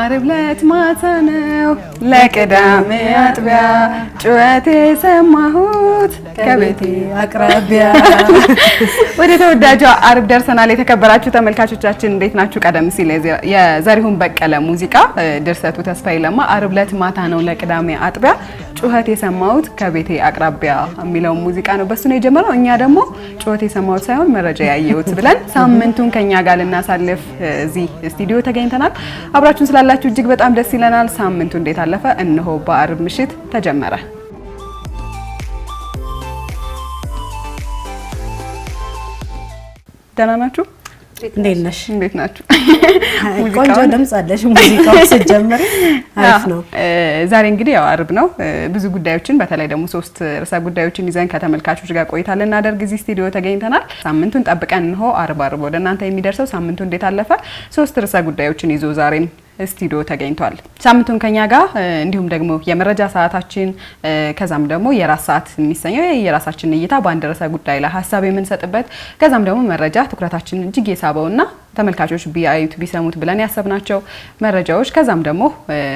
አርብ ዕለት ማታ ነው ለቅዳሜ አጥቢያ ጩኸቴ የሰማሁት ከቤቴ አቅራቢያ። ወደ ተወዳጇ አርብ ደርሰናል። የተከበራችሁ ተመልካቾቻችን እንዴት ናችሁ? ቀደም ሲል የዘሪሁን በቀለ ሙዚቃ ድርሰቱ ተስፋዬ ለማ አርብ ማታ ነው ለቅዳሜ አጥቢያ ጩኸት የሰማሁት ከቤቴ አቅራቢያ የሚለውን ሙዚቃ ነው። በሱ ነው የጀመረው። እኛ ደግሞ ጩኸት የሰማሁት ሳይሆን መረጃ ያየሁት ብለን ሳምንቱን ከኛ ጋር ልናሳልፍ እዚህ ስቱዲዮ ተገኝተናል። አብራችሁን ስላላችሁ እጅግ በጣም ደስ ይለናል። ሳምንቱ እንዴት አለፈ? እነሆ በአርብ ምሽት ተጀመረ። ደህና ናችሁ? እንዴት ነሽ? እንዴት ናችሁ? ቆንጆ ድምጽ አለሽ። ሙዚቃው አሪፍ ነው። ዛሬ እንግዲህ ያው አርብ ነው። ብዙ ጉዳዮችን በተለይ ደግሞ ሶስት ርዕሰ ጉዳዮችን ይዘን ከተመልካቾች ጋር ቆይታ ልናደርግ እዚህ ስቱዲዮ ተገኝተናል። ሳምንቱን ጠብቀን እንሆ አርብ አርብ ወደ እናንተ የሚደርሰው ሳምንቱ እንዴት አለፈ ሶስት ርዕሰ ጉዳዮችን ይዞ ዛሬም ስቱዲዮ ተገኝቷል። ሳምንቱን ከኛ ጋር እንዲሁም ደግሞ የመረጃ ሰዓታችን ከዛም ደግሞ የራስ ሰዓት የሚሰኘው የራሳችን እይታ በአንድ ርዕሰ ጉዳይ ላይ ሀሳብ የምንሰጥበት ከዛም ደግሞ መረጃ ትኩረታችን እጅግ የሳበውና ተመልካቾች ቢያዩት ቢሰሙት ብለን ያሰብናቸው መረጃዎች ከዛም ደግሞ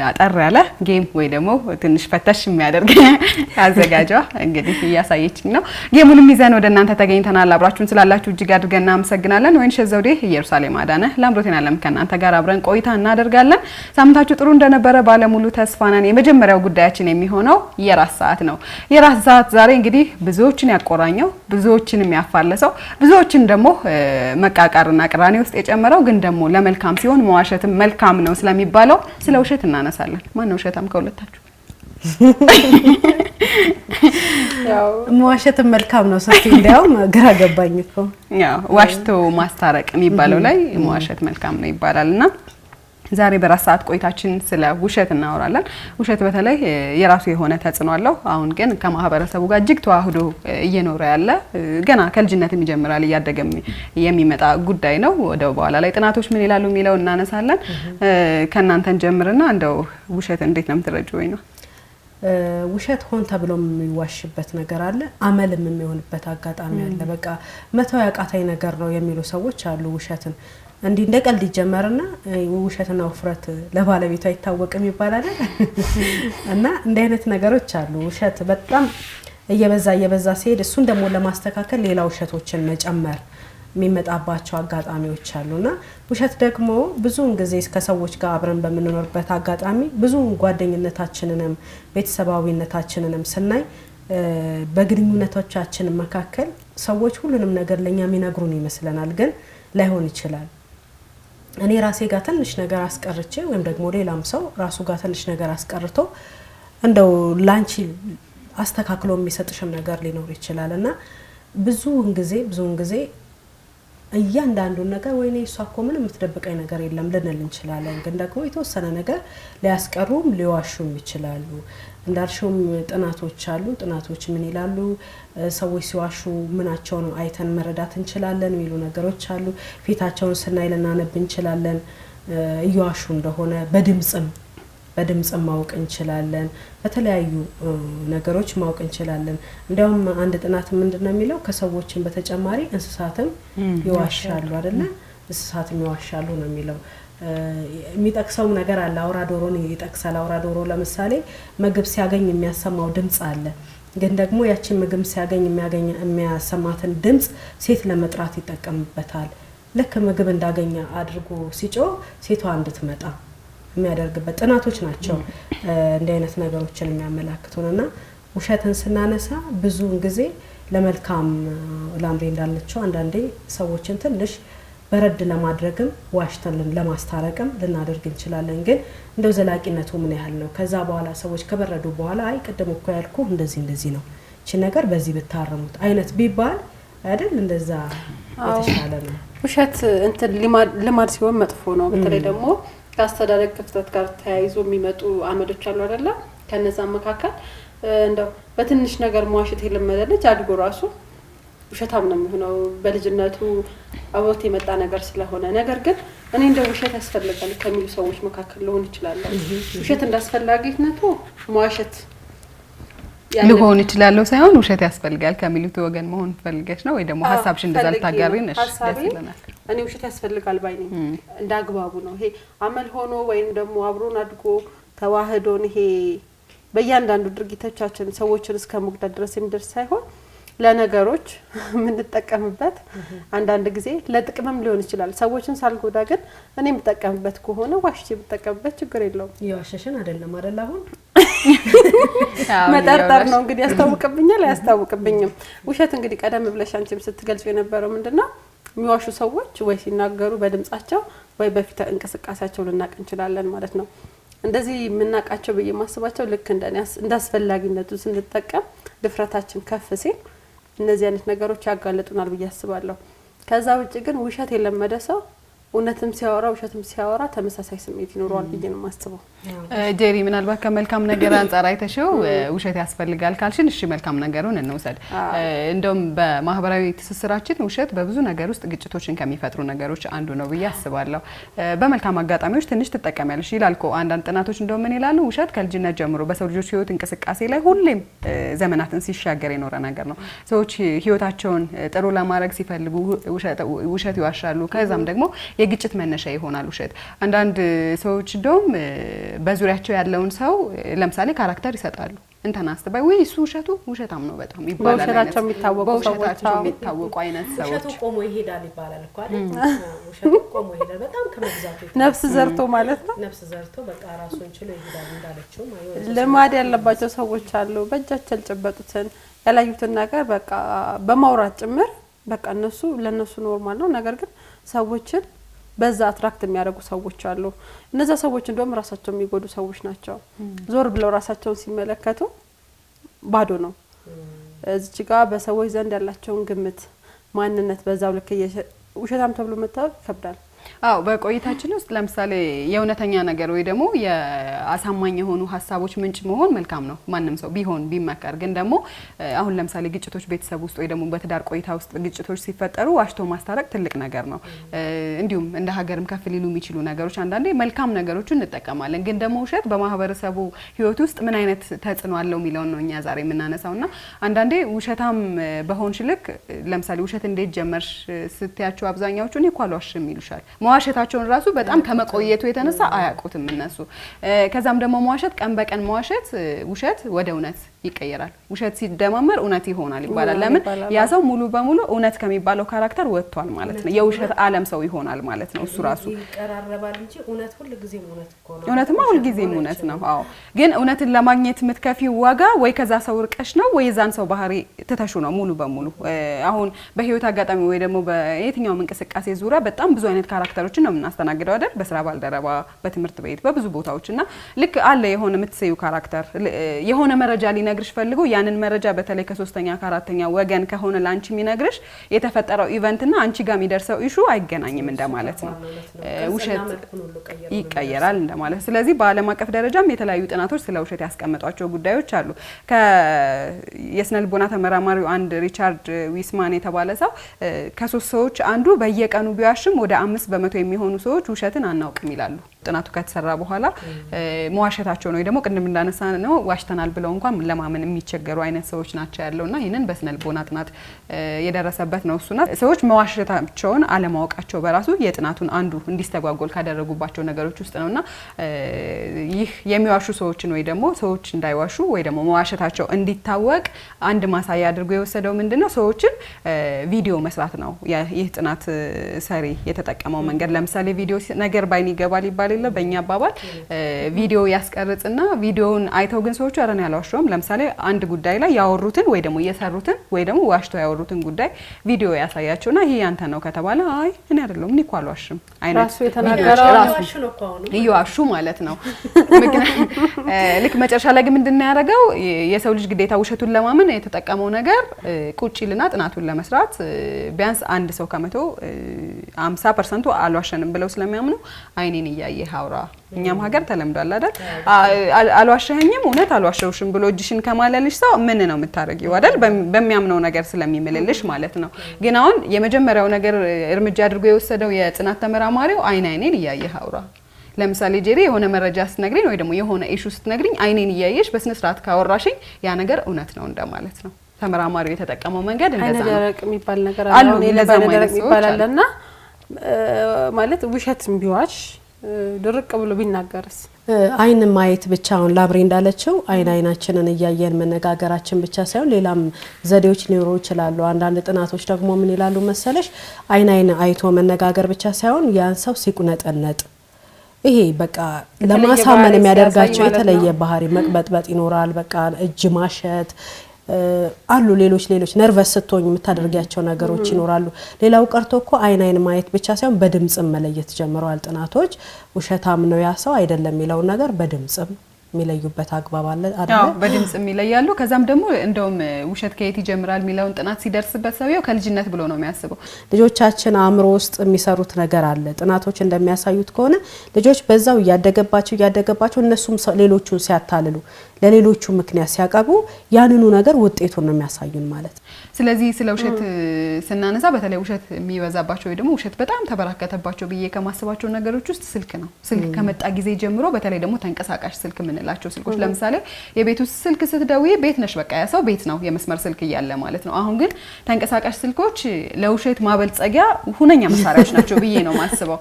አጠር ያለ ጌም ወይ ደግሞ ትንሽ ፈተሽ የሚያደርግ አዘጋጇ እንግዲህ እያሳየችኝ ነው። ጌሙንም ይዘን ወደ እናንተ ተገኝተናል። አብራችሁን ስላላችሁ እጅግ አድርገን እናመሰግናለን። ወይንሸት ዘውዴ፣ ኢየሩሳሌም አዳነ ለአምሮቴን አለም ከእናንተ ጋር አብረን ቆይታ እናደርጋለን። ሳምንታችሁ ጥሩ እንደነበረ ባለሙሉ ተስፋ ነን። የመጀመሪያው ጉዳያችን የሚሆነው የራስ ሰዓት ነው። የራስ ሰዓት ዛሬ እንግዲህ ብዙዎችን ያቆራኘው ብዙዎችን የሚያፋለሰው ብዙዎችን ደግሞ መቃቃርና ቅራኔ ውስጥ የሚጨምረው ግን ደግሞ ለመልካም ሲሆን መዋሸትም መልካም ነው ስለሚባለው ስለ ውሸት እናነሳለን። ማነው ውሸታም ከሁለታችሁ? መዋሸትም መልካም ነው ሰፊ እንዲያውም ግራ ገባኝ እኮ ዋሽቶ ማስታረቅ የሚባለው ላይ መዋሸት መልካም ነው ይባላል እና ዛሬ በራስ ሰዓት ቆይታችን ስለ ውሸት እናወራለን። ውሸት በተለይ የራሱ የሆነ ተጽዕኖ አለው። አሁን ግን ከማህበረሰቡ ጋር እጅግ ተዋህዶ እየኖረ ያለ ገና ከልጅነትም ይጀምራል እያደገም የሚመጣ ጉዳይ ነው። ወደ በኋላ ላይ ጥናቶች ምን ይላሉ የሚለው እናነሳለን። ከእናንተን ጀምርና እንደው ውሸት እንዴት ነው የምትረጁ ወይ ነው? ውሸት ሆን ተብሎ የሚዋሽበት ነገር አለ። አመልም የሚሆንበት አጋጣሚ አለ። በቃ መተው ያቃታይ ነገር ነው የሚሉ ሰዎች አሉ ውሸትን እንዲህ እንደ ቀልድ ይጀመርና ውሸትና ውፍረት ለባለቤቱ አይታወቅም ይባላል እና እንዲህ አይነት ነገሮች አሉ። ውሸት በጣም እየበዛ እየበዛ ሲሄድ እሱን ደግሞ ለማስተካከል ሌላ ውሸቶችን መጨመር የሚመጣባቸው አጋጣሚዎች አሉና ውሸት ደግሞ ብዙውን ጊዜ ከሰዎች ጋር አብረን በምንኖርበት አጋጣሚ ብዙ ጓደኝነታችንንም ቤተሰባዊነታችንንም ስናይ በግንኙነቶቻችን መካከል ሰዎች ሁሉንም ነገር ለእኛ የሚነግሩን ይመስለናል፣ ግን ላይሆን ይችላል። እኔ ራሴ ጋር ትንሽ ነገር አስቀርቼ ወይም ደግሞ ሌላም ሰው ራሱ ጋር ትንሽ ነገር አስቀርቶ እንደው ላንቺ አስተካክሎ የሚሰጥሽም ነገር ሊኖር ይችላል እና ብዙውን ጊዜ ብዙውን ጊዜ እያንዳንዱን ነገር ወይኔ እሷ እኮ ምን የምትደብቀኝ ነገር የለም ልንል እንችላለን። ግን ደግሞ የተወሰነ ነገር ሊያስቀሩም ሊዋሹም ይችላሉ። እንዳልሽውም ጥናቶች አሉ። ጥናቶች ምን ይላሉ? ሰዎች ሲዋሹ ምናቸው ነው አይተን መረዳት እንችላለን የሚሉ ነገሮች አሉ። ፊታቸውን ስናይ ልናነብ እንችላለን እየዋሹ እንደሆነ። በድምፅም በድምፅም ማወቅ እንችላለን። በተለያዩ ነገሮች ማወቅ እንችላለን። እንዲያውም አንድ ጥናት ምንድን ነው የሚለው ከሰዎችን በተጨማሪ እንስሳትም ይዋሻሉ አይደለ? እንስሳትም ይዋሻሉ ነው የሚለው የሚጠቅሰው ነገር አለ። አውራ ዶሮን ይጠቅሳል። አውራ ዶሮ ለምሳሌ ምግብ ሲያገኝ የሚያሰማው ድምፅ አለ። ግን ደግሞ ያችን ምግብ ሲያገኝ የሚያሰማትን ድምፅ ሴት ለመጥራት ይጠቀምበታል። ልክ ምግብ እንዳገኘ አድርጎ ሲጮ ሴቷ እንድትመጣ የሚያደርግበት ጥናቶች ናቸው እንዲህ አይነት ነገሮችን የሚያመላክቱን እና ውሸትን ስናነሳ ብዙውን ጊዜ ለመልካም ላምሬ እንዳለችው አንዳንዴ ሰዎችን ትንሽ በረድ ለማድረግም ዋሽተን ለማስታረቅም ልናደርግ እንችላለን። ግን እንደው ዘላቂነቱ ምን ያህል ነው? ከዛ በኋላ ሰዎች ከበረዱ በኋላ አይ ቅድም እኮ ያልኩ እንደዚህ እንደዚህ ነው ይቺ ነገር በዚህ ብታረሙት አይነት ቢባል አይደል እንደዛ የተሻለ ነው። ውሸት እንትን ልማድ ሲሆን መጥፎ ነው። በተለይ ደግሞ ከአስተዳደግ ክፍተት ጋር ተያይዞ የሚመጡ አመዶች አሉ አይደለም። ከነዛ መካከል እንደው በትንሽ ነገር መዋሸት የለመደ ልጅ አድጎ ራሱ ውሸታም ነው የሚሆነው በልጅነቱ አብሮት የመጣ ነገር ስለሆነ። ነገር ግን እኔ እንደ ውሸት ያስፈልጋል ከሚሉ ሰዎች መካከል ልሆን ይችላለሁ። ውሸት እንዳስፈላጊነቱ መዋሸት ልሆን ይችላለሁ ሳይሆን ውሸት ያስፈልጋል ከሚሉት ወገን መሆን ፈልገሽ ነው ወይ ደግሞ ሀሳብሽ እንደዛ ልታጋሪ ነሽ? እኔ ውሸት ያስፈልጋል ባይ ነኝ። እንደ አግባቡ ነው ይሄ አመል ሆኖ ወይም ደግሞ አብሮን አድጎ ተዋህዶን ይሄ በእያንዳንዱ ድርጊቶቻችን ሰዎችን እስከ መጉዳት ድረስ የሚደርስ ሳይሆን ለነገሮች የምንጠቀምበት አንዳንድ ጊዜ ለጥቅምም ሊሆን ይችላል። ሰዎችን ሳልጎዳ ግን እኔ የምጠቀምበት ከሆነ ዋሽቼ የምጠቀምበት ችግር የለውም። የዋሸሽን አይደለም አይደል? አሁን መጠርጠር ነው እንግዲህ። ያስታውቅብኛል አያስታውቅብኝም። ውሸት እንግዲህ ቀደም ብለሽ አንቺም ስትገልጹ የነበረው ምንድን ነው የሚዋሹ ሰዎች ወይ ሲናገሩ በድምጻቸው ወይ በፊት እንቅስቃሴያቸው ልናቅ እንችላለን ማለት ነው። እንደዚህ የምናውቃቸው ብዬ ማስባቸው ልክ እንደ እንዳስፈላጊነቱ ስንጠቀም ድፍረታችን ከፍ ሲል እነዚህ አይነት ነገሮች ያጋለጡናል ብዬ አስባለሁ። ከዛ ውጭ ግን ውሸት የለመደ ሰው እውነትም ሲያወራ ውሸትም ሲያወራ ተመሳሳይ ስሜት ይኖረዋል ብዬ ነው የማስበው። ጄሪ፣ ምናልባት ከመልካም ነገር አንጻር አይተሽው ውሸት ያስፈልጋል ካልሽን፣ እሺ መልካም ነገሩን እንውሰድ። እንደውም በማህበራዊ ትስስራችን ውሸት በብዙ ነገር ውስጥ ግጭቶችን ከሚፈጥሩ ነገሮች አንዱ ነው ብዬ አስባለሁ። በመልካም አጋጣሚዎች ትንሽ ትጠቀሚያለሽ ይላል አንዳንድ ጥናቶች። እንደውም ምን ይላሉ? ውሸት ከልጅነት ጀምሮ በሰው ልጆች ህይወት እንቅስቃሴ ላይ ሁሌም ዘመናትን ሲሻገር የኖረ ነገር ነው። ሰዎች ህይወታቸውን ጥሩ ለማድረግ ሲፈልጉ ውሸት ይዋሻሉ። ከዛም ደግሞ የግጭት መነሻ ይሆናል ውሸት። አንዳንድ ሰዎች እንደውም በዙሪያቸው ያለውን ሰው ለምሳሌ ካራክተር ይሰጣሉ እንተና አስተባይ ወይ እሱ ውሸቱ ውሸታም ነው በጣም ይባላል። በውሸታቸው የሚታወቁ አይነት ሰዎች ውሸቱ ቆሞ ይሄዳል ይባላል እኮ አይደል? ውሸቱ ቆሞ ይሄዳል በጣም ከመግዛቱ ነፍስ ዘርቶ ማለት ነው። ነፍስ ዘርቶ በቃ ራሱን ችሎ ይሄዳል እንዳለችው ልማድ ያለባቸው ሰዎች አሉ። በእጃቸው ያልጨበጡትን ያላዩትን ነገር በቃ በማውራት ጭምር በቃ እነሱ ለእነሱ ኖርማል ነው። ነገር ግን ሰዎችን በዛ አትራክት የሚያደርጉ ሰዎች አሉ። እነዛ ሰዎች እንደውም ራሳቸው የሚጎዱ ሰዎች ናቸው። ዞር ብለው ራሳቸውን ሲመለከቱ ባዶ ነው። እዚች ጋ በሰዎች ዘንድ ያላቸውን ግምት ማንነት በዛው ልክ ውሸታም ተብሎ መታወቅ ይከብዳል። አዎ በቆይታችን ውስጥ ለምሳሌ የእውነተኛ ነገር ወይ ደግሞ የአሳማኝ የሆኑ ሀሳቦች ምንጭ መሆን መልካም ነው፣ ማንም ሰው ቢሆን ቢመከር። ግን ደግሞ አሁን ለምሳሌ ግጭቶች ቤተሰብ ውስጥ ወይ ደግሞ በትዳር ቆይታ ውስጥ ግጭቶች ሲፈጠሩ ዋሽቶ ማስታረቅ ትልቅ ነገር ነው። እንዲሁም እንደ ሀገርም ከፍ ሊሉ የሚችሉ ነገሮች አንዳንዴ መልካም ነገሮቹ እንጠቀማለን። ግን ደግሞ ውሸት በማህበረሰቡ ህይወት ውስጥ ምን አይነት ተጽዕኖ አለው የሚለውን ነው እኛ ዛሬ የምናነሳው እና አንዳንዴ ውሸታም በሆንሽ ልክ ለምሳሌ ውሸት እንዴት ጀመርሽ ስትያቸው አብዛኛዎቹ እኔ እኮ አልዋሽም ይሉሻል መዋሸታቸውን ራሱ በጣም ከመቆየቱ የተነሳ አያውቁትም እነሱ። ከዛም ደግሞ መዋሸት ቀን በቀን መዋሸት ውሸት ወደ እውነት ይቀየራል። ውሸት ሲደማመር እውነት ይሆናል ይባላል። ለምን ያ ሰው ሙሉ በሙሉ እውነት ከሚባለው ካራክተር ወጥቷል ማለት ነው። የውሸት ዓለም ሰው ይሆናል ማለት ነው። እሱ ራሱ ይቀራረባል እንጂ እውነት ሁልጊዜም እውነት እኮ ነው። እውነትማ ሁልጊዜም እውነት ነው። አዎ፣ ግን እውነትን ለማግኘት የምትከፊው ዋጋ ወይ ከዛ ሰው ርቀሽ ነው ወይ የዛን ሰው ባህሪ ትተሹ ነው ሙሉ በሙሉ። አሁን በህይወት አጋጣሚ ወይ ደግሞ በየትኛውም እንቅስቃሴ ዙሪያ በጣም ብዙ አይነት ካራክተሮችን ነው የምናስተናግደው አይደል? በስራ ባልደረባ፣ በትምህርት ቤት፣ በብዙ ቦታዎች እና ልክ አለ የሆነ የምትሰዩ ካራክተር የሆነ መረጃ ሊነ ሊነግርሽ ፈልጎ ያንን መረጃ በተለይ ከሶስተኛ ከአራተኛ ወገን ከሆነ ለአንቺ የሚነግርሽ የተፈጠረው ኢቨንትና አንቺ ጋር የሚደርሰው ኢሹ አይገናኝም እንደማለት ነው። ውሸት ይቀየራል እንደማለት። ስለዚህ በዓለም አቀፍ ደረጃም የተለያዩ ጥናቶች ስለ ውሸት ያስቀመጧቸው ጉዳዮች አሉ። የስነልቦና ተመራማሪው አንድ ሪቻርድ ዊስማን የተባለ ሰው ከሶስት ሰዎች አንዱ በየቀኑ ቢዋሽም ወደ አምስት በመቶ የሚሆኑ ሰዎች ውሸትን አናውቅም ይላሉ። ጥናቱ ከተሰራ በኋላ መዋሸታቸው ነው ወይ ደግሞ ቅድም እንዳነሳ ነው ዋሽተናል ብለው እንኳን ለማመን የሚቸገሩ አይነት ሰዎች ናቸው ያለውና ይህንን በስነ ልቦና ጥናት የደረሰበት ነው። እሱና ሰዎች መዋሸታቸውን አለማወቃቸው በራሱ የጥናቱን አንዱ እንዲስተጓጎል ካደረጉባቸው ነገሮች ውስጥ ነውና ይህ የሚዋሹ ሰዎችን ወይ ደግሞ ሰዎች እንዳይዋሹ ወይ ደግሞ መዋሸታቸው እንዲታወቅ አንድ ማሳያ አድርጎ የወሰደው ምንድን ነው ሰዎችን ቪዲዮ መስራት ነው። ይህ ጥናት ሰሪ የተጠቀመው መንገድ ለምሳሌ ቪዲዮ ነገር ባይን ይገባል ይባል ስለሌለ በእኛ አባባል ቪዲዮ ያስቀርጽና ቪዲዮውን አይተው ግን ሰዎቹ አረን ያላሸውም። ለምሳሌ አንድ ጉዳይ ላይ ያወሩትን ወይ ደግሞ እየሰሩትን ወይ ደግሞ ዋሽተው ያወሩትን ጉዳይ ቪዲዮ ያሳያቸውና ይሄ ያንተ ነው ከተባለ አይ እኔ አይደለሁም እኔ እኮ አልዋሽም እየዋሹ ማለት ነው። ልክ መጨረሻ ላይ ግን ምንድን ያደረገው የሰው ልጅ ግዴታ ውሸቱን ለማመን የተጠቀመው ነገር ይልና ጥናቱን ለመስራት ቢያንስ አንድ ሰው ከመቶ 50 ፐርሰንቱ አልዋሸንም ብለው ስለሚያምኑ አይኔን እያየ ይህ አውራ እኛም ሀገር ተለምዷል አይደል? አልዋሸህኝም፣ እውነት አልዋሸውሽም ብሎ እጅሽን ከማለልሽ ሰው ምን ነው የምታደርጊው አይደል? በሚያምነው ነገር ስለሚምልልሽ ማለት ነው። ግን አሁን የመጀመሪያው ነገር እርምጃ አድርጎ የወሰደው የጽናት ተመራማሪው አይን አይኔን እያየ ሀውራ ለምሳሌ ጄሪ የሆነ መረጃ ስትነግሪኝ ወይ ደግሞ የሆነ ኢሹ ስትነግሪኝ አይኔን እያየሽ በስነ ስርዓት ካወራሽኝ ያ ነገር እውነት ነው እንደማለት ነው። ተመራማሪው የተጠቀመው መንገድ እንደዛ ነው። ደረቅ የሚባል ነገር አለ፣ ደረቅ ማለት ውሸት ቢዋሽ ድርቅ ብሎ ቢናገርስ? አይን ማየት ብቻ አሁን ላብሬ እንዳለችው አይን አይናችንን እያየን መነጋገራችን ብቻ ሳይሆን ሌላም ዘዴዎች ሊኖሩ ይችላሉ። አንዳንድ ጥናቶች ደግሞ ምን ይላሉ መሰለሽ፣ አይን አይን አይቶ መነጋገር ብቻ ሳይሆን ያን ሰው ሲቁነጠነጥ ይሄ በቃ ለማሳመን የሚያደርጋቸው የተለየ ባህሪ መቅበጥበጥ ይኖራል። በቃ እጅ ማሸት አሉ ሌሎች ሌሎች ነርቨስ ስትሆኝ የምታደርጊያቸው ነገሮች ይኖራሉ። ሌላው ቀርቶ እኮ አይን አይን ማየት ብቻ ሳይሆን በድምፅም መለየት ጀምረዋል ጥናቶች። ውሸታም ነው ያ ሰው አይደለም የሚለውን ነገር በድምፅም የሚለዩበት አግባብ አለ አይደል? በድምጽ የሚለያሉ። ከዛም ደግሞ እንደውም ውሸት ከየት ይጀምራል የሚለውን ጥናት ሲደርስበት ሰውየው ከልጅነት ብሎ ነው የሚያስበው። ልጆቻችን አእምሮ ውስጥ የሚሰሩት ነገር አለ። ጥናቶች እንደሚያሳዩት ከሆነ ልጆች በዛው እያደገባቸው እያደገባቸው እነሱም ሌሎቹን ሲያታልሉ፣ ለሌሎቹ ምክንያት ሲያቀርቡ ያንኑ ነገር ውጤቱን ነው የሚያሳዩን ማለት ነው። ስለዚህ ስለ ውሸት ስናነሳ በተለይ ውሸት የሚበዛባቸው ወይ ደግሞ ውሸት በጣም ተበራከተባቸው ብዬ ከማስባቸው ነገሮች ውስጥ ስልክ ነው። ስልክ ከመጣ ጊዜ ጀምሮ በተለይ ደግሞ ተንቀሳቃሽ ስልክ የምንላቸው ስልኮች፣ ለምሳሌ የቤት ውስጥ ስልክ ስትደውይ ቤት ነሽ፣ በቃ ያ ሰው ቤት ነው፣ የመስመር ስልክ እያለ ማለት ነው። አሁን ግን ተንቀሳቃሽ ስልኮች ለውሸት ማበልጸጊያ ሁነኛ መሳሪያዎች ናቸው ብዬ ነው ማስበው።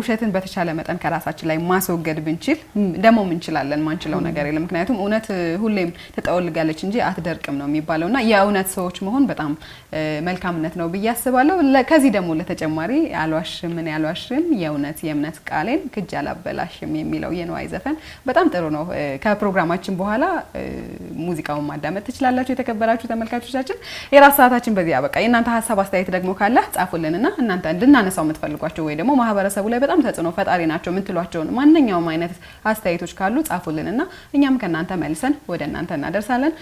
ውሸትን በተቻለ መጠን ከራሳችን ላይ ማስወገድ ብንችል ደግሞ ምንችላለን? ማንችለው ነገር የለም። ምክንያቱም እውነት ሁሌም ትጠወልጋለች እንጂ አትደርቅም ነው የሚባለው እና የእውነት ሰዎች መሆን በጣም መልካምነት ነው ብዬ አስባለሁ። ከዚህ ደግሞ ለተጨማሪ አልዋሽም ምን ያልዋሽም የእውነት የእምነት ቃሌን ክጅ አላበላሽም የሚለው የነዋይ ዘፈን በጣም ጥሩ ነው። ከፕሮግራማችን በኋላ ሙዚቃውን ማዳመጥ ትችላላችሁ። የተከበራችሁ ተመልካቾቻችን የራስ ሰዓታችን በዚህ አበቃ። የእናንተ ሀሳብ አስተያየት ደግሞ ካለ ጻፉልንና እናንተ እንድናነሳው የምትፈልጓቸው ወይ ደግሞ ማህበረሰቡ ላይ በጣም ተጽዕኖ ፈጣሪ ናቸው የምትሏቸውን ማንኛውም አይነት አስተያየቶች ካሉ ጻፉልንና እኛም ከእናንተ መልሰን ወደ እናንተ እናደርሳለን።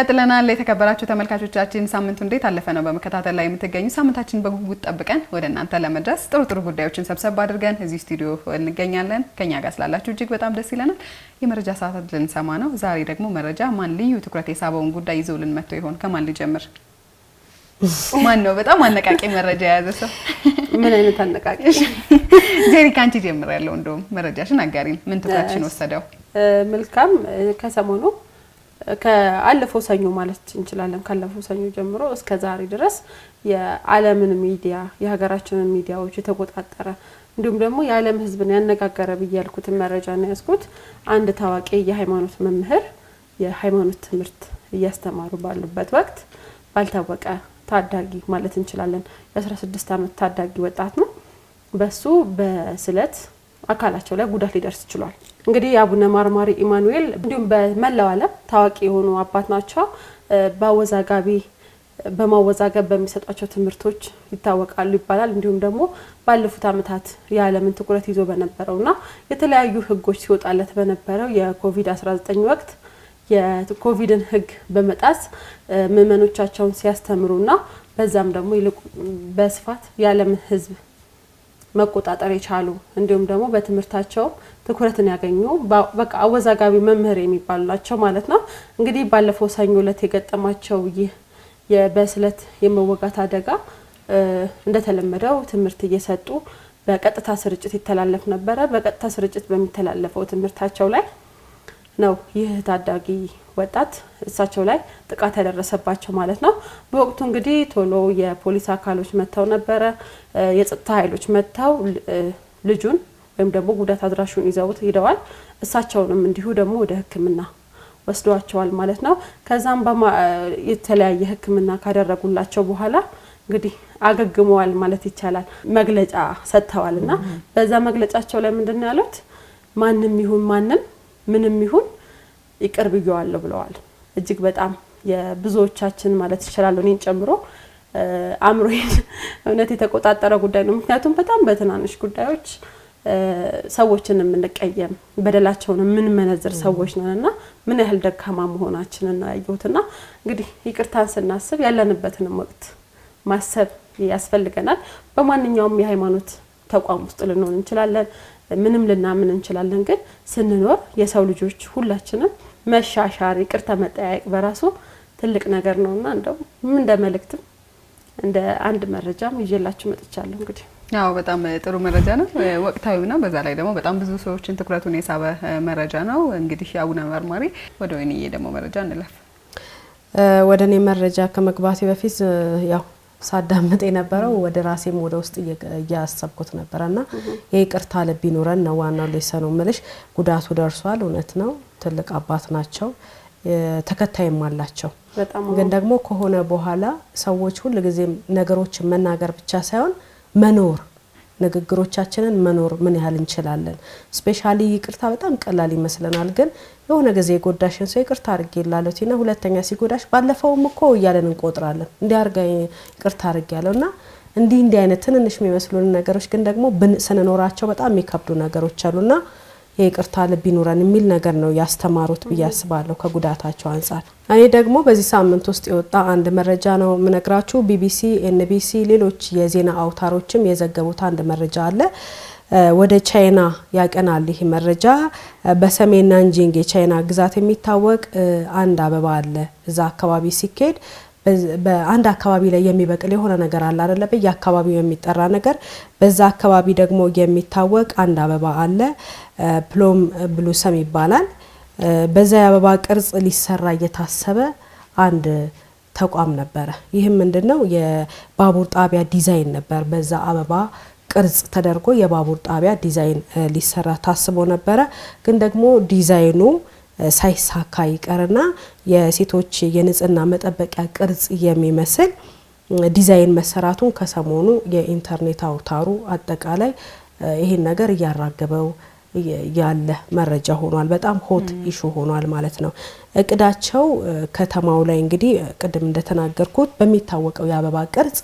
ቀጥለናል። የተከበራችሁ ተመልካቾቻችን ሳምንቱ እንዴት አለፈ ነው በመከታተል ላይ የምትገኙ። ሳምንታችን በጉጉት ጠብቀን ወደ እናንተ ለመድረስ ጥሩ ጥሩ ጉዳዮችን ሰብሰብ አድርገን እዚህ ስቱዲዮ እንገኛለን። ከኛ ጋር ስላላችሁ እጅግ በጣም ደስ ይለናል። የመረጃ ሰዓት ልንሰማ ነው። ዛሬ ደግሞ መረጃ ማን ልዩ ትኩረት የሳበውን ጉዳይ ይዘው ልንመጥቶ ይሆን? ከማን ልጀምር? ማን ነው በጣም አነቃቂ መረጃ የያዘ ሰው? ምን አይነት አነቃቂ ዜሪ፣ ከአንቺ ጀምር ያለው እንደውም መረጃሽን አጋሪን። ምን ትኩረትሽን ወሰደው? መልካም ከሰሞኑ ከአለፈው ሰኞ ማለት እንችላለን ካለፈው ሰኞ ጀምሮ እስከ ዛሬ ድረስ የዓለምን ሚዲያ የሀገራችንን ሚዲያዎች የተቆጣጠረ እንዲሁም ደግሞ የዓለም ሕዝብን ያነጋገረ ብዬ ያልኩትን መረጃና ያዝኩት አንድ ታዋቂ የሃይማኖት መምህር የሃይማኖት ትምህርት እያስተማሩ ባሉበት ወቅት ባልታወቀ ታዳጊ ማለት እንችላለን የ16 ዓመት ታዳጊ ወጣት ነው በሱ በስለት አካላቸው ላይ ጉዳት ሊደርስ ይችሏል። እንግዲህ የአቡነ ማርማሪ ኢማኑኤል እንዲሁም በመላው ዓለም ታዋቂ የሆኑ አባት ናቸው። በአወዛጋቢ በማወዛገብ በሚሰጧቸው ትምህርቶች ይታወቃሉ ይባላል። እንዲሁም ደግሞ ባለፉት ዓመታት የዓለምን ትኩረት ይዞ በነበረውና የተለያዩ ሕጎች ሲወጣለት በነበረው የኮቪድ-19 ወቅት የኮቪድን ሕግ በመጣስ ምእመኖቻቸውን ሲያስተምሩና በዛም ደግሞ በስፋት የዓለምን ሕዝብ መቆጣጠር የቻሉ እንዲሁም ደግሞ በትምህርታቸው ትኩረትን ያገኙ በቃ አወዛጋቢ መምህር የሚባሉላቸው ማለት ነው። እንግዲህ ባለፈው ሰኞ ዕለት የገጠማቸው ይህ በስለት የመወጋት አደጋ እንደተለመደው ትምህርት እየሰጡ በቀጥታ ስርጭት ይተላለፍ ነበረ። በቀጥታ ስርጭት በሚተላለፈው ትምህርታቸው ላይ ነው ይህ ታዳጊ ወጣት እሳቸው ላይ ጥቃት ያደረሰባቸው ማለት ነው። በወቅቱ እንግዲህ ቶሎ የፖሊስ አካሎች መጥተው ነበረ። የጸጥታ ኃይሎች መጥተው ልጁን ወይም ደግሞ ጉዳት አድራሹን ይዘውት ሂደዋል። እሳቸውንም እንዲሁ ደግሞ ወደ ሕክምና ወስደዋቸዋል ማለት ነው። ከዛም የተለያየ ሕክምና ካደረጉላቸው በኋላ እንግዲህ አገግመዋል ማለት ይቻላል። መግለጫ ሰጥተዋል እና በዛ መግለጫቸው ላይ ምንድን ነው ያሉት? ማንም ይሁን ማንም ምንም ይሁን ይቅር ብየዋለሁ ብለዋል። እጅግ በጣም የብዙዎቻችን ማለት ይችላለሁ እኔን ጨምሮ አእምሮዬን እውነት የተቆጣጠረ ጉዳይ ነው። ምክንያቱም በጣም በትናንሽ ጉዳዮች ሰዎችን የምንቀየም በደላቸውን የምንመነዝር ሰዎች ነን እና ምን ያህል ደካማ መሆናችን ነው ያየሁትና እንግዲህ ይቅርታን ስናስብ ያለንበትንም ወቅት ማሰብ ያስፈልገናል። በማንኛውም የሃይማኖት ተቋም ውስጥ ልንሆን እንችላለን። ምንም ልናምን እንችላለን፣ ግን ስንኖር የሰው ልጆች ሁላችንም መሻሻር፣ ይቅርታ መጠያየቅ በራሱ ትልቅ ነገር እና እንደው እንደ መልእክትም እንደ አንድ መረጃም ይዤላችሁ መጥቻለሁ። እንግዲህ ያው በጣም ጥሩ መረጃ ነው፣ ወቅታዊና በዛ ላይ ደግሞ በጣም ብዙ ሰዎችን ትኩረቱን የሳበ መረጃ ነው። እንግዲህ አቡነ መርማሪ ወደ ወይንዬ ደግሞ መረጃ እንለፍ። ወደ እኔ መረጃ ከመግባቴ በፊት ያው ሳዳምጥ የነበረው ወደ ራሴም ወደ ውስጥ እያሰብኩት ነበረ እና የይቅርታ ልብ ይኑረን ነው ዋናው ሌሰ ነው ምልሽ። ጉዳቱ ደርሷል፣ እውነት ነው። ትልቅ አባት ናቸው፣ ተከታይም አላቸው። ግን ደግሞ ከሆነ በኋላ ሰዎች ሁልጊዜም ነገሮችን መናገር ብቻ ሳይሆን መኖር ንግግሮቻችንን መኖር ምን ያህል እንችላለን። ስፔሻሊ ይቅርታ በጣም ቀላል ይመስለናል፣ ግን የሆነ ጊዜ የጎዳሽን ሰው ይቅርታ አርጌ ላለት ና ሁለተኛ ሲጎዳሽ ባለፈውም እኮ እያለን እንቆጥራለን። እንዲያርጋ ይቅርታ አርጌ ያለው እና እንዲህ እንዲህ አይነት ትንንሽ የሚመስሉን ነገሮች ግን ደግሞ ስንኖራቸው በጣም የሚከብዱ ነገሮች አሉና የይቅርታ ልብ ይኑረን የሚል ነገር ነው ያስተማሩት ብዬ አስባለሁ ከጉዳታቸው አንጻር። እኔ ደግሞ በዚህ ሳምንት ውስጥ የወጣ አንድ መረጃ ነው የምነግራችሁ። ቢቢሲ፣ ኤንቢሲ፣ ሌሎች የዜና አውታሮችም የዘገቡት አንድ መረጃ አለ። ወደ ቻይና ያቀናል ይህ መረጃ። በሰሜን ናንጂንግ የቻይና ግዛት የሚታወቅ አንድ አበባ አለ። እዛ አካባቢ ሲካሄድ በአንድ አካባቢ ላይ የሚበቅል የሆነ ነገር አለ አይደለ? በየአካባቢው የሚጠራ ነገር በዛ አካባቢ ደግሞ የሚታወቅ አንድ አበባ አለ። ፕሎም ብሉሰም ይባላል። በዛ የአበባ ቅርጽ ሊሰራ እየታሰበ አንድ ተቋም ነበረ። ይህም ምንድን ነው? የባቡር ጣቢያ ዲዛይን ነበር። በዛ አበባ ቅርጽ ተደርጎ የባቡር ጣቢያ ዲዛይን ሊሰራ ታስቦ ነበረ። ግን ደግሞ ዲዛይኑ ሳይሳካ ይቀርና የሴቶች የንጽህና መጠበቂያ ቅርጽ የሚመስል ዲዛይን መሰራቱን ከሰሞኑ የኢንተርኔት አውታሩ አጠቃላይ ይሄን ነገር እያራገበው ያለ መረጃ ሆኗል። በጣም ሆት ኢሹ ሆኗል ማለት ነው። እቅዳቸው ከተማው ላይ እንግዲህ ቅድም እንደተናገርኩት በሚታወቀው የአበባ ቅርጽ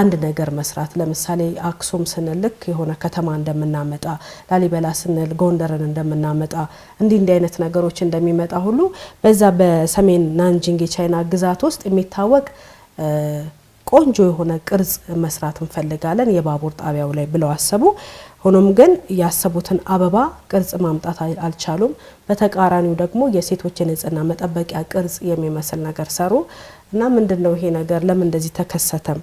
አንድ ነገር መስራት፣ ለምሳሌ አክሱም ስንል ልክ የሆነ ከተማ እንደምናመጣ፣ ላሊበላ ስንል ጎንደርን እንደምናመጣ፣ እንዲህ እንዲህ አይነት ነገሮች እንደሚመጣ ሁሉ በዛ በሰሜን ናንጂንግ የቻይና ግዛት ውስጥ የሚታወቅ ቆንጆ የሆነ ቅርጽ መስራት እንፈልጋለን የባቡር ጣቢያው ላይ ብለው አሰቡ። ሆኖም ግን ያሰቡትን አበባ ቅርጽ ማምጣት አልቻሉም። በተቃራኒው ደግሞ የሴቶች የንጽህና መጠበቂያ ቅርጽ የሚመስል ነገር ሰሩ እና ምንድን ነው ይሄ ነገር ለምን እንደዚህ ተከሰተም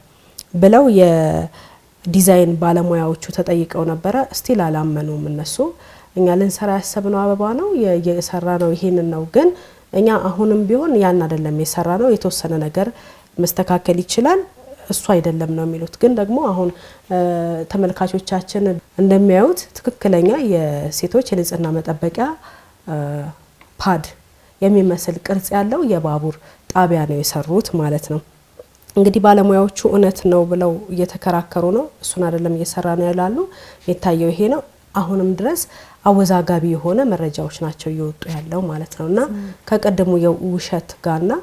ብለው የዲዛይን ባለሙያዎቹ ተጠይቀው ነበረ። ስቲል አላመኑም እነሱ እኛ ልንሰራ ያሰብነው አበባ ነው የሰራ ነው ይሄንን ነው ግን እኛ አሁንም ቢሆን ያን አይደለም የሰራ ነው የተወሰነ ነገር መስተካከል ይችላል እሱ አይደለም ነው የሚሉት። ግን ደግሞ አሁን ተመልካቾቻችን እንደሚያዩት ትክክለኛ የሴቶች የንጽህና መጠበቂያ ፓድ የሚመስል ቅርጽ ያለው የባቡር ጣቢያ ነው የሰሩት ማለት ነው። እንግዲህ ባለሙያዎቹ እውነት ነው ብለው እየተከራከሩ ነው። እሱን አይደለም እየሰራ ነው ያላሉ። የታየው ይሄ ነው። አሁንም ድረስ አወዛጋቢ የሆነ መረጃዎች ናቸው እየወጡ ያለው ማለት ነው እና ከቀደሙ የውሸት ጋርና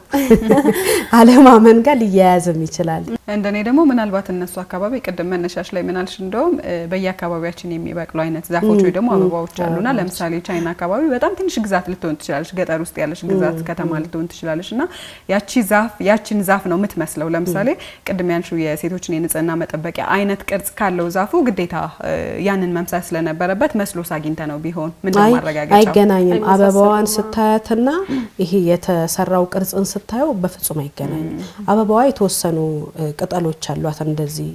አለማመን ጋር ሊያያዝም ይችላል። እንደኔ ደግሞ ምናልባት እነሱ አካባቢ ቅድም መነሻሽ ላይ ምናልሽ እንደውም በየአካባቢያችን የሚበቅሉ አይነት ዛፎች ወይ ደግሞ አበባዎች አሉና ለምሳሌ ቻይና አካባቢ በጣም ትንሽ ግዛት ልትሆን ትችላለች፣ ገጠር ውስጥ ያለች ግዛት ከተማ ልትሆን ትችላለች እና ያቺ ዛፍ ያቺን ዛፍ ነው የምትመስለው። ለምሳሌ ቅድም ያልሽው የሴቶችን የንጽህና መጠበቂያ አይነት ቅርጽ ካለው ዛፉ ግዴታ ያንን መምሳት ስለነበረበት መስሎ አግኝተናል። ነው ቢሆን ምንድን ማረጋገጫው? አይገናኝም። አበባዋን ስታያትና ይሄ የተሰራው ቅርጽን ስታየው በፍጹም አይገናኝም። አበባዋ የተወሰኑ ቅጠሎች አሏት እንደዚህ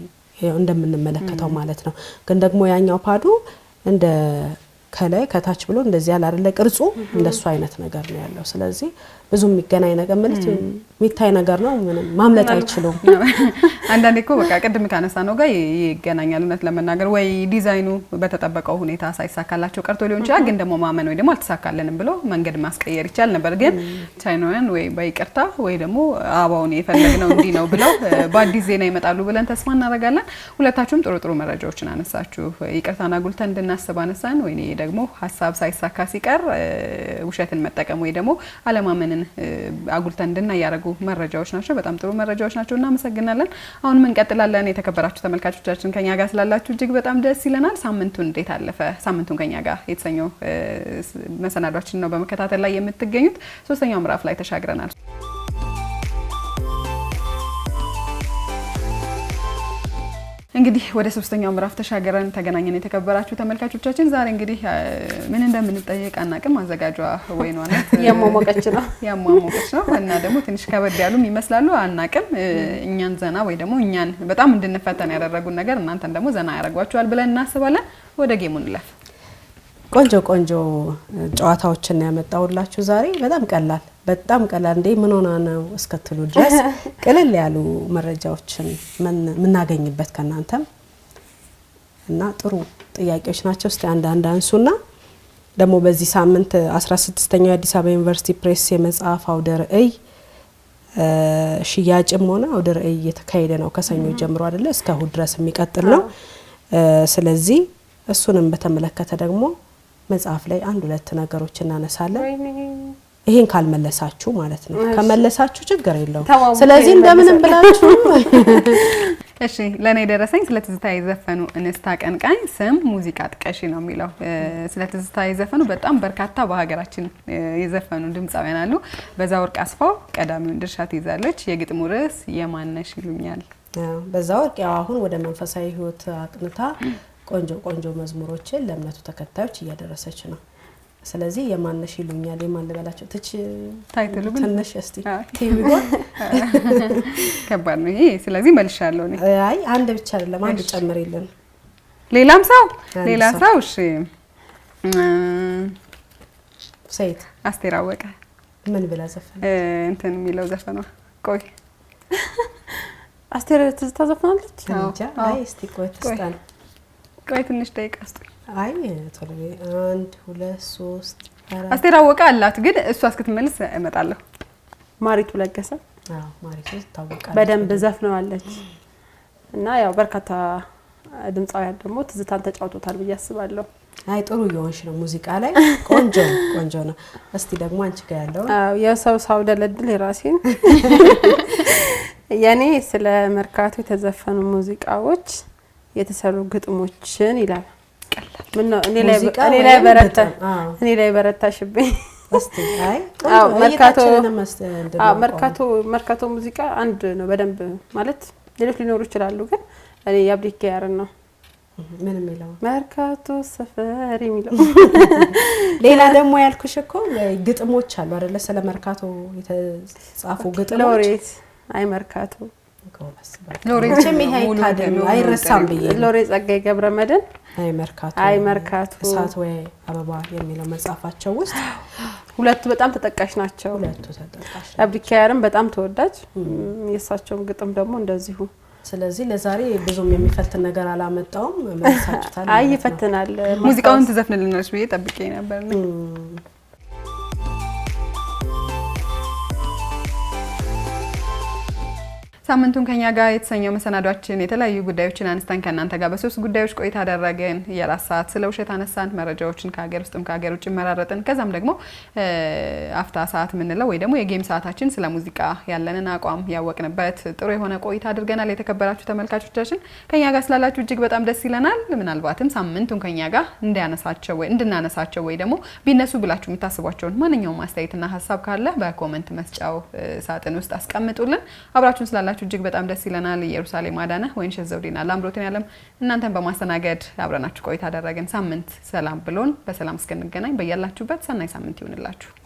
እንደምንመለከተው ማለት ነው። ግን ደግሞ ያኛው ፓዱ እንደ ከላይ ከታች ብሎ እንደዚህ ያለ አይደለ ቅርጹ እንደሱ አይነት ነገር ነው ያለው። ስለዚህ ብዙ የሚገናኝ ነገር ማለት የሚታይ ነገር ነው። ምንም ማምለጥ አይችሉም። አንዳንዴ እኮ በቃ ቅድም ካነሳ ነው ጋር ይገናኛል። እውነት ለመናገር ወይ ዲዛይኑ በተጠበቀው ሁኔታ ሳይሳካላቸው ቀርቶ ሊሆን ይችላል። ግን ደግሞ ማመን ወይ ደግሞ አልተሳካልንም ብሎ መንገድ ማስቀየር ይቻል ነበር። ግን ቻይናውያን ወይ በይቅርታ ወይ ደግሞ አበባውን የፈለግነው እንዲህ ነው ብለው በአዲስ ዜና ይመጣሉ ብለን ተስፋ እናደርጋለን። ሁለታችሁም ጥሩ ጥሩ መረጃዎችን አነሳችሁ። ይቅርታና ጉልተን እንድናስብ አነሳን። ወይ ደግሞ ሀሳብ ሳይሳካ ሲቀር ውሸትን መጠቀም ወይ ደግሞ አለማመንን አጉልተን እንድና መረጃዎች ናቸው። በጣም ጥሩ መረጃዎች ናቸው። እናመሰግናለን። አሁንም እንቀጥላለን። የተከበራችሁ ተመልካቾቻችን ከኛ ጋር ስላላችሁ እጅግ በጣም ደስ ይለናል። ሳምንቱን እንዴት አለፈ? ሳምንቱን ከኛ ጋር የተሰኘው መሰናዷችን ነው በመከታተል ላይ የምትገኙት። ሶስተኛው ምዕራፍ ላይ ተሻግረናል። እንግዲህ ወደ ሶስተኛው ምዕራፍ ተሻገረን ተገናኘን። የተከበራችሁ ተመልካቾቻችን ዛሬ እንግዲህ ምን እንደምንጠየቅ አናቅም። አዘጋጇ ወይኗ ናት ያሟሟቀች ነው ያሟሟቀች ነው እና ደግሞ ትንሽ ከበድ ያሉም ይመስላሉ አናቅም። እኛን ዘና ወይ ደግሞ እኛን በጣም እንድንፈተን ያደረጉን ነገር እናንተን ደግሞ ዘና ያደረጓችኋል ብለን እናስባለን። ወደ ጌሙ እንለፍ። ቆንጆ ቆንጆ ጨዋታዎችን ያመጣውላችሁ ዛሬ። በጣም ቀላል በጣም ቀላል እንዴ ምን ሆና ነው እስክትሉ ድረስ ቅልል ያሉ መረጃዎችን የምናገኝበት ከእናንተም እና ጥሩ ጥያቄዎች ናቸው። እስቲ አንዳንድ አንሱና ደግሞ በዚህ ሳምንት 16ኛው የአዲስ አበባ ዩኒቨርሲቲ ፕሬስ የመጽሐፍ አውደ ርዕይ ሽያጭም ሆነ አውደ ርዕይ እየተካሄደ ነው። ከሰኞ ጀምሮ አይደለ እስከ እሁድ ድረስ የሚቀጥል ነው። ስለዚህ እሱንም በተመለከተ ደግሞ መጽሐፍ ላይ አንድ ሁለት ነገሮች እናነሳለን። ይሄን ካልመለሳችሁ ማለት ነው። ከመለሳችሁ ችግር የለው። ስለዚህ እንደምንም ብላችሁ እሺ። ለእኔ ደረሰኝ ስለ ትዝታ የዘፈኑ እንስት አቀንቃኝ ስም ሙዚቃ ጥቀሺ ነው የሚለው። ስለ ትዝታ የዘፈኑ በጣም በርካታ በሀገራችን የዘፈኑ ድምፃውያን አሉ። በዛ ወርቅ አስፋው ቀዳሚውን ድርሻ ትይዛለች። የግጥሙ ርዕስ የማነሽ ይሉኛል። በዛ ወርቅ ያው አሁን ወደ መንፈሳዊ ህይወት አቅንታ ቆንጆ ቆንጆ መዝሙሮችን ለእምነቱ ተከታዮች እያደረሰች ነው። ስለዚህ የማነሽ ይሉኛል የማን ልበላቸው ትች ታይትሉ ትንሽ እስቲ ከባድ ነው ይሄ። ስለዚህ መልሻለሁ እኔ አይ አንድ ብቻ አይደለም አንድ ጨምሬልን ሌላም ሰው ሌላ ሰው እሺ ሴት አስቴር አወቀ ምን ብላ ዘፈነ? እንትን የሚለው ዘፈኗ ቆይ አስቴር ትዝታ ዘፈናለች። አይ እስቲ ቆይ ትስታ ነው ቆይ ትንሽ ደቂቃ ስጡኝ። አይ ቶሎ አንድ ሁለት ሶስት አስቴር አወቀ አላት፣ ግን እሷ እስክትመልስ እመጣለሁ። ማሪቱ ለገሰ በደንብ ዘፍነዋለች እና ያው በርካታ ድምፃውያን ደግሞ ትዝታን ተጫውቶታል ብዬ አስባለሁ። አይ ጥሩ የሆንሽ ነው። ሙዚቃ ላይ ቆንጆ ቆንጆ ነው። እስቲ ደግሞ አንቺ ጋር ያለው የሰው ሰው ደለድል የራሴን የኔ ስለ መርካቶ የተዘፈኑ ሙዚቃዎች የተሰሩ ግጥሞችን ይላል። እኔ ላይ በረታ እኔ ላይ በረታሽብኝ። መርካቶ ሙዚቃ አንድ ነው። በደንብ ማለት ሌሎች ሊኖሩ ይችላሉ፣ ግን እኔ የአብዲኬ ያርን ነው መርካቶ ሰፈር የሚለው ሌላ ደግሞ ያልኩሽ እኮ ግጥሞች አሉ አይደለ? ስለ መርካቶ የተጻፉ ግጥሞች ሎሬት አይ መርካቶ ሎሬ ጸጋዬ ገብረ መድን አይ መርካቱ እሳት ወይ አበባ የሚለው መጽሐፋቸው ውስጥ ሁለቱ በጣም ተጠቃሽ ናቸው። አብዲካያርም በጣም ተወዳጅ፣ የእሳቸውም ግጥም ደግሞ እንደዚሁ። ስለዚህ ለዛሬ ብዙም የሚፈትን ነገር አላመጣውም። አይ ይፈትናል። ሙዚቃውን ትዘፍንልናለች ብዬ ጠብቄ ነበር። ሳምንቱን ከኛ ጋር የተሰኘው መሰናዷችን የተለያዩ ጉዳዮችን አንስተን ከእናንተ ጋር በሶስት ጉዳዮች ቆይታ አደረግን። የአራት ሰዓት ስለ ውሸት አነሳን። መረጃዎችን ከሀገር ውስጥም ከሀገር ውጭ መራረጥን። ከዛም ደግሞ አፍታ ሰዓት የምንለው ወይ ደግሞ የጌም ሰዓታችን ስለ ሙዚቃ ያለንን አቋም ያወቅንበት ጥሩ የሆነ ቆይታ አድርገናል። የተከበራችሁ ተመልካቾቻችን ከኛ ጋር ስላላችሁ እጅግ በጣም ደስ ይለናል። ምናልባትም ሳምንቱን ከኛ ጋር እንዳያነሳቸው ወይ እንድናነሳቸው ወይ ደግሞ ቢነሱ ብላችሁ የምታስቧቸውን ማንኛውም አስተያየትና ሀሳብ ካለ በኮመንት መስጫው ሳጥን ውስጥ አስቀምጡልን። አብራችሁን ስላላችሁ ስለነበራችሁ እጅግ በጣም ደስ ይለናል። ኢየሩሳሌም አዳነ ወይንሸት ዘውዴና ላምሮትን ያለም እናንተን በማስተናገድ አብረናችሁ ቆይታ አደረግን። ሳምንት ሰላም ብሎን በሰላም እስክንገናኝ በያላችሁበት ሰናይ ሳምንት ይሁንላችሁ።